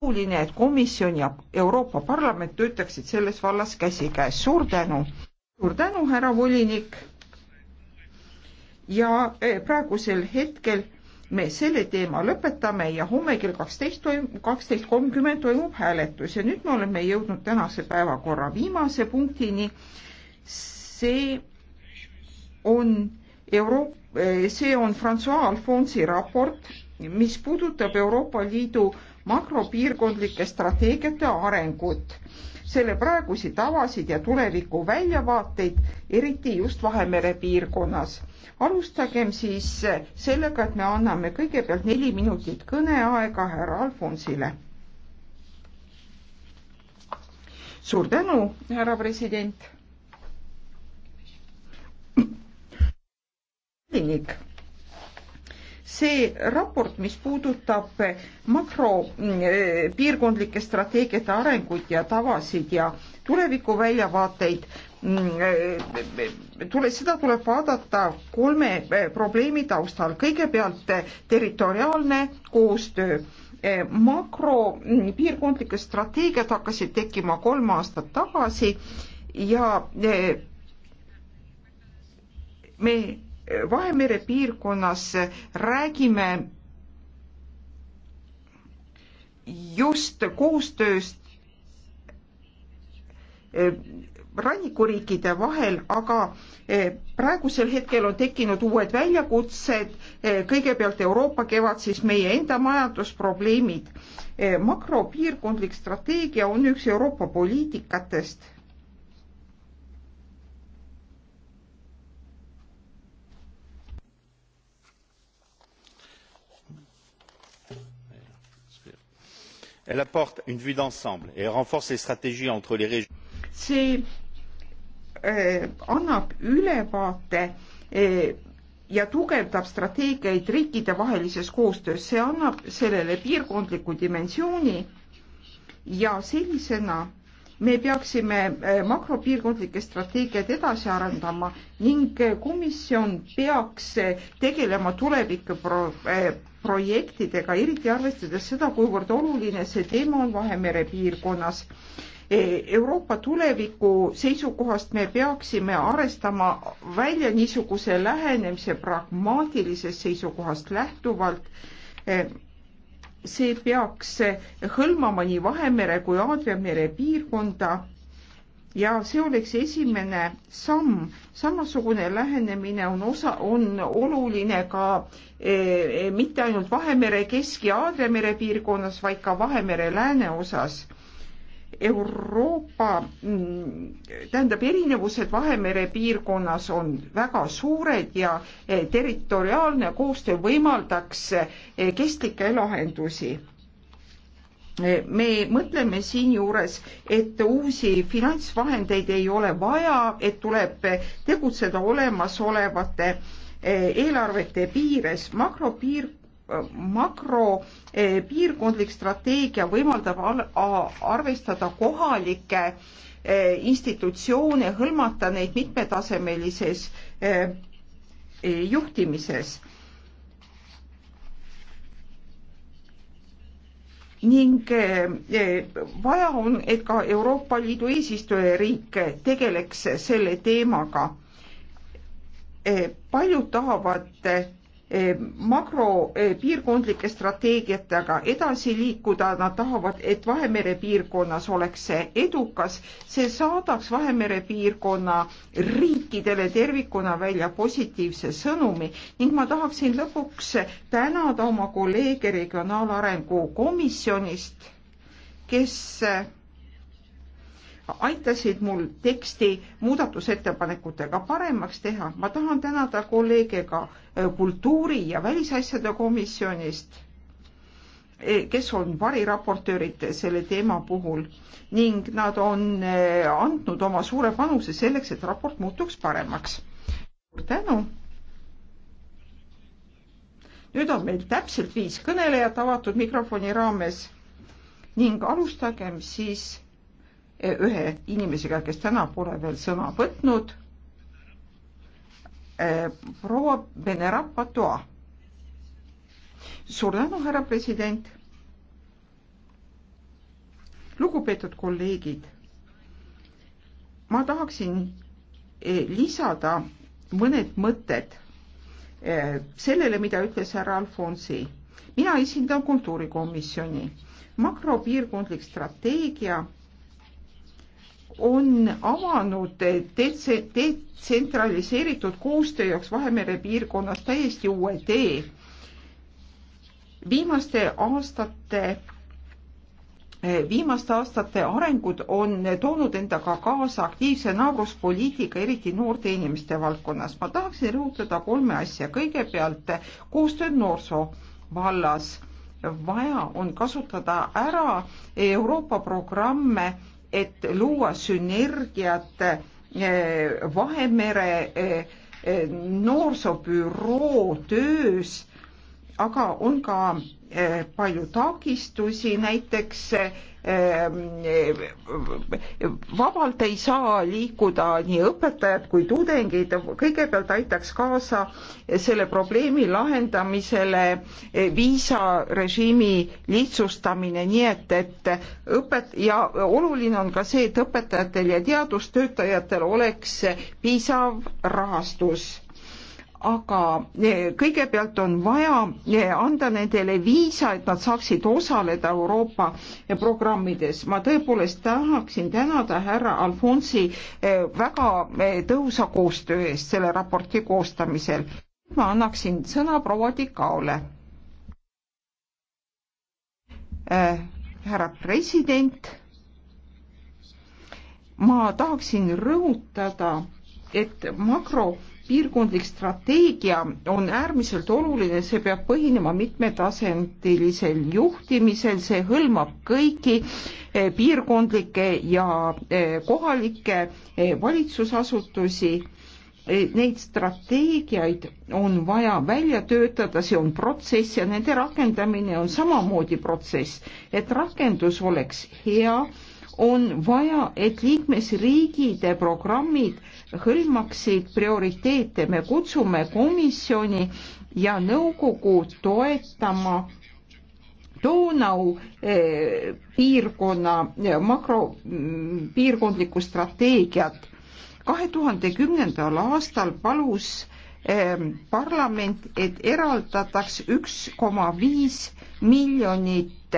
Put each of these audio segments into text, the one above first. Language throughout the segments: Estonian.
oluline, et komisjon ja Euroopa Parlament töötaksid selles vallas käsikäes. suur tänu. suur tänu, härra volinik. ja eh, praegusel hetkel me selle teema lõpetame ja homme kell kaksteist toimub, kaksteist kolmkümmend toimub hääletus ja nüüd me oleme jõudnud tänase päevakorra viimase punktini. see on Euroopa, eh, see on Francois Alfonsi raport mis puudutab Euroopa Liidu makropiirkondlike strateegiate arengut, selle praegusi tavasid ja tuleviku väljavaateid, eriti just Vahemere piirkonnas. alustagem siis sellega, et me anname kõigepealt neli minutit kõneaega härra Alfonsile. suur tänu, härra president. volinik see raport, mis puudutab makropiirkondlike mm, e, strateegiate arenguid ja tavasid ja tulevikuväljavaateid, mm, e, tule, seda tuleb vaadata kolme e, probleemi taustal. kõigepealt territoriaalne koostöö. makropiirkondlikud mm, strateegiad hakkasid tekkima kolm aastat tagasi ja me Vahemere piirkonnas räägime just koostööst eh, rannikuriikide vahel, aga eh, praegusel hetkel on tekkinud uued väljakutsed, eh, kõigepealt Euroopa kevad, siis meie enda majandusprobleemid. makropiirkondlik strateegia on üks Euroopa poliitikatest elle apporte une vue d'ensemble et renforce les stratégies entre les régions. see äh, annab ülevaate äh, ja tugevdab strateegiaid riikidevahelises koostöös, see annab sellele piirkondliku dimensiooni ja sellisena me peaksime eh, makropiirkondlikke strateegiaid edasi arendama ning eh, komisjon peaks eh, tegelema tuleviku pro projektidega, eriti arvestades seda, kuivõrd oluline see teema on Vahemere piirkonnas. Euroopa tuleviku seisukohast me peaksime arvestama välja niisuguse lähenemise pragmaatilisest seisukohast lähtuvalt see peaks hõlmama nii Vahemere kui Aadria mere piirkonda ja see oleks esimene samm. samasugune lähenemine on osa, on oluline ka e, e mitte ainult Vahemere kesk- ja Aadria mere piirkonnas, vaid ka Vahemere lääne osas Euroopa, mm, tähendab, erinevused Vahemere piirkonnas on väga suured ja eh, territoriaalne koostöö võimaldaks eh, kestlikke lahendusi. Eh, me mõtleme siinjuures, et uusi finantsvahendeid ei ole vaja, et tuleb tegutseda olemasolevate eelarvete piires, makropiir makropiirkondlik strateegia võimaldab arvestada kohalikke e, institutsioone, hõlmata neid mitmetasemelises e, e, juhtimises. ning vaja on, et ka Euroopa Liidu eesistujariik tegeleks selle teemaga. paljud tahavad Eh, makropiirkondlike eh, strateegiatega edasi liikuda, nad tahavad, et Vahemere piirkonnas oleks see edukas, see saadaks Vahemere piirkonna riikidele tervikuna välja positiivse sõnumi ning ma tahaksin lõpuks tänada oma kolleege Regionaalarengu Komisjonist, kes eh, aitasid mul teksti muudatusettepanekutega paremaks teha. ma tahan tänada kolleege ka äh, kultuuri- ja välisasjade komisjonist, e, kes on variraportöörid selle teema puhul ning nad on äh, andnud oma suure panuse selleks, et raport muutuks paremaks. suur tänu. nüüd on meil täpselt viis kõnelejat avatud mikrofoni raames ning alustagem siis ühe inimesega, kes täna pole veel sõna võtnud. Eh, proua Venerapatoa. suur tänu, härra president. lugupeetud kolleegid, ma tahaksin eh, lisada mõned mõtted eh, sellele, mida ütles härra Alfonsi. mina esindan kultuurikomisjoni. makropiirkondlik strateegia on avanud detse-, detsentraliseeritud koostöö jaoks Vahemere piirkonnas täiesti uue tee. viimaste aastate viimaste aastate arengud on toonud endaga kaasa aktiivse naabruspoliitika, eriti noorte inimeste valdkonnas. ma tahaksin rõhutada kolme asja. kõigepealt koostöö noorsoo vallas. vaja on kasutada ära Euroopa programme et luua sünergiat eh, Vahemere eh, eh, noorsoorbüroo töös aga on ka eh, palju takistusi, näiteks eh, vabalt ei saa liikuda nii õpetajad kui tudengid, kõigepealt aitaks kaasa selle probleemi lahendamisele eh, viisarežiimi lihtsustamine, nii et, et õpet- ja oluline on ka see, et õpetajatel ja teadustöötajatel oleks piisav rahastus aga eh, kõigepealt on vaja eh, anda nendele viisa, et nad saaksid osaleda Euroopa eh, programmides. ma tõepoolest tahaksin tänada härra Alfonsi väga tõhusa koostöö eest selle raporti koostamisel. ma annaksin sõna proua Tikaole. härra president, ma tahaksin rõhutada, et makro piirkondlik strateegia on äärmiselt oluline, see peab põhinema mitmetasandilisel juhtimisel, see hõlmab kõiki eh, piirkondlikke ja eh, kohalikke eh, valitsusasutusi. Neid strateegiaid on vaja välja töötada, see on protsess ja nende rakendamine on samamoodi protsess, et rakendus oleks hea on vaja, et liikmesriigide programmid hõlmaksid prioriteete. me kutsume komisjoni ja nõukogu toetama Donau eh, piirkonna eh, makropiirkondlikku mm, strateegiat. kahe tuhande kümnendal aastal palus Ehm, parlament, et eraldataks üks koma viis miljonit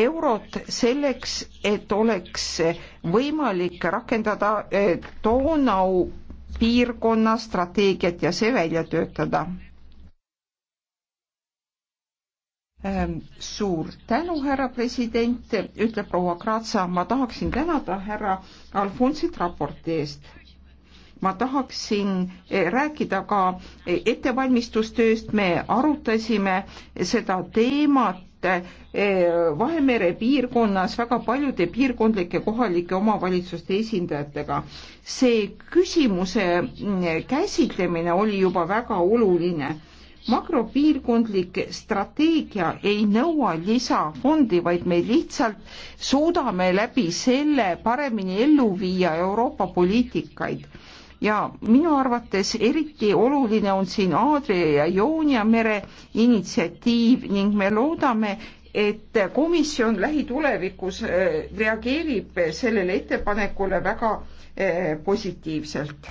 eurot selleks, et oleks võimalik rakendada eh, Donau piirkonna strateegiat ja see välja töötada. Ehm, suur tänu, härra president, ütleb proua Kratsa, ma tahaksin tänada härra Alfonsit raporti eest ma tahaksin eh, rääkida ka eh, ettevalmistustööst, me arutasime seda teemat eh, Vahemere piirkonnas väga paljude piirkondlike kohalike omavalitsuste esindajatega. see küsimuse mm, käsitlemine oli juba väga oluline. makropiirkondlik strateegia ei nõua lisafondi, vaid me lihtsalt suudame läbi selle paremini ellu viia Euroopa poliitikaid ja minu arvates eriti oluline on siin Aadria ja Joonia mere initsiatiiv ning me loodame, et komisjon lähitulevikus eh, reageerib sellele ettepanekule väga eh, positiivselt.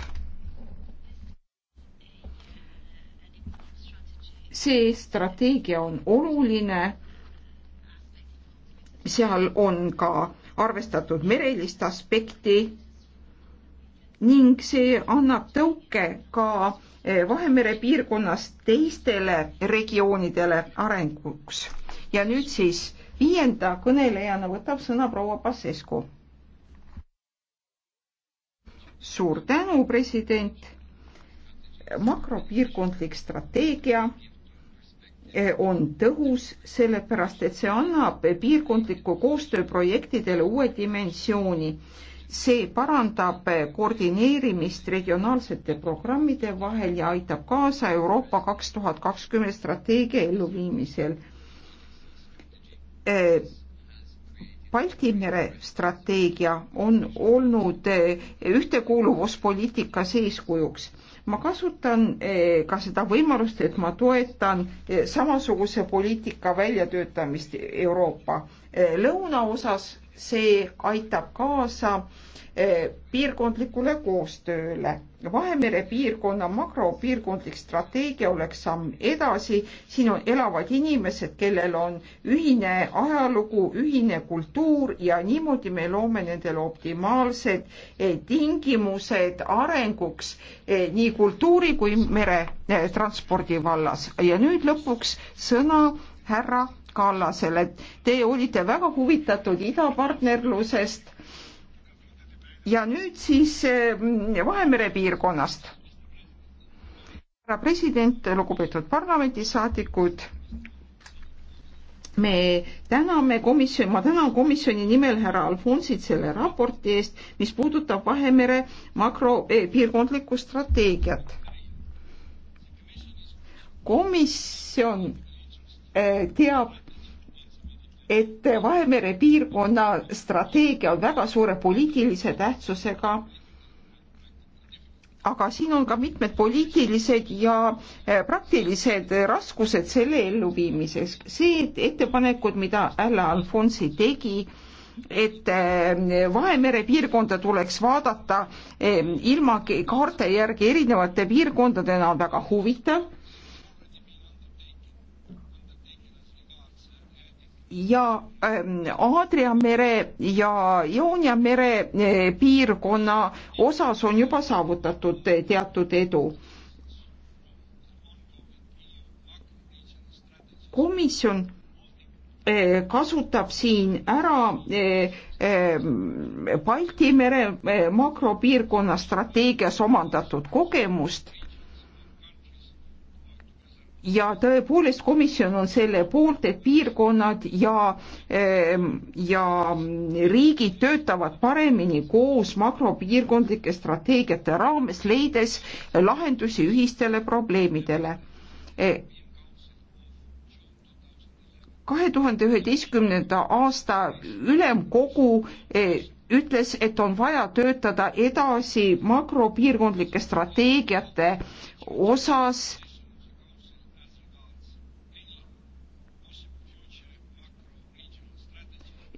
see strateegia on oluline. seal on ka arvestatud merelist aspekti ning see annab tõuke ka eh, Vahemere piirkonnas teistele regioonidele arenguks. ja nüüd siis viienda kõnelejana võtab sõna proua Pasescu. suur tänu, president. makropiirkondlik strateegia eh, on tõhus, sellepärast et see annab piirkondliku koostöö projektidele uue dimensiooni see parandab koordineerimist regionaalsete programmide vahel ja aitab kaasa Euroopa kaks tuhat kakskümmend strateegia elluviimisel. Balti mere strateegia on olnud ühtekuuluvuspoliitika seeskujuks. ma kasutan eh, ka seda võimalust, et ma toetan eh, samasuguse poliitika väljatöötamist Euroopa Eh, lõunaosas, see aitab kaasa eh, piirkondlikule koostööle. Vahemere piirkonna makropiirkondlik strateegia oleks samm edasi, siin on elavad inimesed, kellel on ühine ajalugu, ühine kultuur ja niimoodi me loome nendele optimaalsed eh, tingimused arenguks nii kultuuri kui meretranspordi vallas. ja nüüd lõpuks sõna härra Kallasel, et te olite väga huvitatud idapartnerlusest ja nüüd siis eh, Vahemere piirkonnast. härra president, lugupeetud parlamendisaadikud, me täname komisjoni, ma tänan komisjoni nimel härra Alfonsit selle raporti eest, mis puudutab Vahemere makropiirkondlikku eh, strateegiat. komisjon eh, teab et Vahemere piirkonna strateegia on väga suure poliitilise tähtsusega, aga siin on ka mitmed poliitilised ja eh, praktilised raskused selle elluviimises. see et ettepanekud, mida Alla Alfonsi tegi, et eh, Vahemere piirkonda tuleks vaadata eh, ilma kaarte järgi erinevate piirkondadena on väga huvitav ja ähm, Aadria mere ja Joonia mere äh, piirkonna osas on juba saavutatud äh, teatud edu. komisjon äh, kasutab siin ära Balti mere makropiirkonna strateegias omandatud kogemust ja tõepoolest komisjon on selle poolt, et piirkonnad ja, ehm, ja riigid töötavad paremini koos makropiirkondlike strateegiate raames, leides lahendusi ühistele probleemidele. E, kahe tuhande üheteistkümnenda aasta ülemkogu e, ütles, et on vaja töötada edasi makropiirkondlike strateegiate osas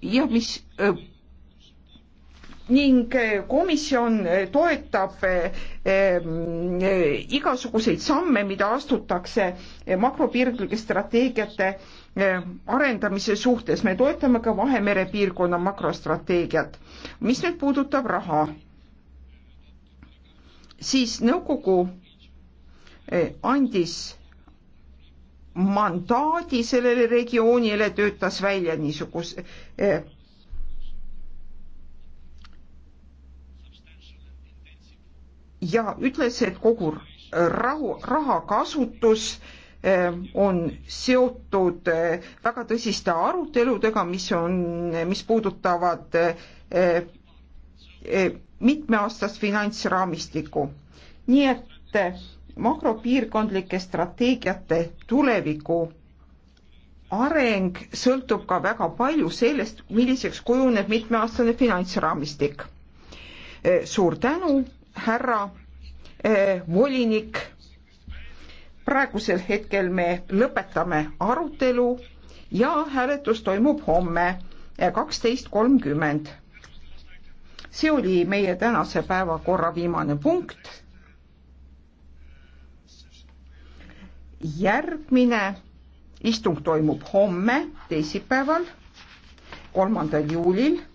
ja mis ning komisjon toetab igasuguseid samme, mida astutakse makropiirkondlike strateegiate arendamise suhtes. me toetame ka Vahemere piirkonna makrostrateegiat. mis nüüd puudutab raha, siis nõukogu andis mandaadi sellele regioonile, töötas välja niisuguse eh, ja ütles, et kogu rahu, raha kasutus eh, on seotud eh, väga tõsiste aruteludega, mis on, mis puudutavad mitmeaastast finantsraamistikku. nii et makropiirkondlike strateegiate tuleviku areng sõltub ka väga palju sellest, milliseks kujuneb mitmeaastane finantsraamistik. Äh, suur tänu, härra äh, volinik. praegusel hetkel me lõpetame arutelu ja hääletus toimub homme äh, kaksteist kolmkümmend. see oli meie tänase päevakorra viimane punkt järgmine istung toimub homme, teisipäeval, kolmandal juulil